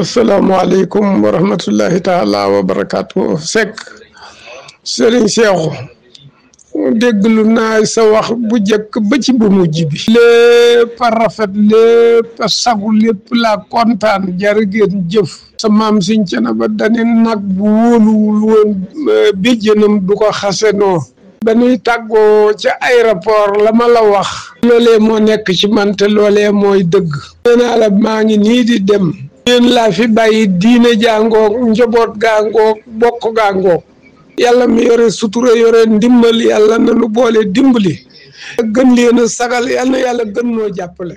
asalaamualeykum wa rahmatullahi taala wa barakaatu Seck sëriñ Seexu dégglu naa sa wax bu njëkk ba ci bu mujj bi lépp a rafet lépp a sagu lépp laa kontaan jërë jëf sa maam siñ ca na ba dani nag bu wóoluwul woon eh, béjjënam du ko xasenoo ba nuy tàggoo ca aéroport la ma la wax loolee nekk ci man te loolee mooy dëgg nee la maa ngi nii di dem yéen laa fi bàyyi diine jàngoog njaboot gaangoog bokk gaangoog yàlla mi yore sutura yore ndimbal yàlla na boole dimbali gën leen sagal yàlla na gën noo jàppale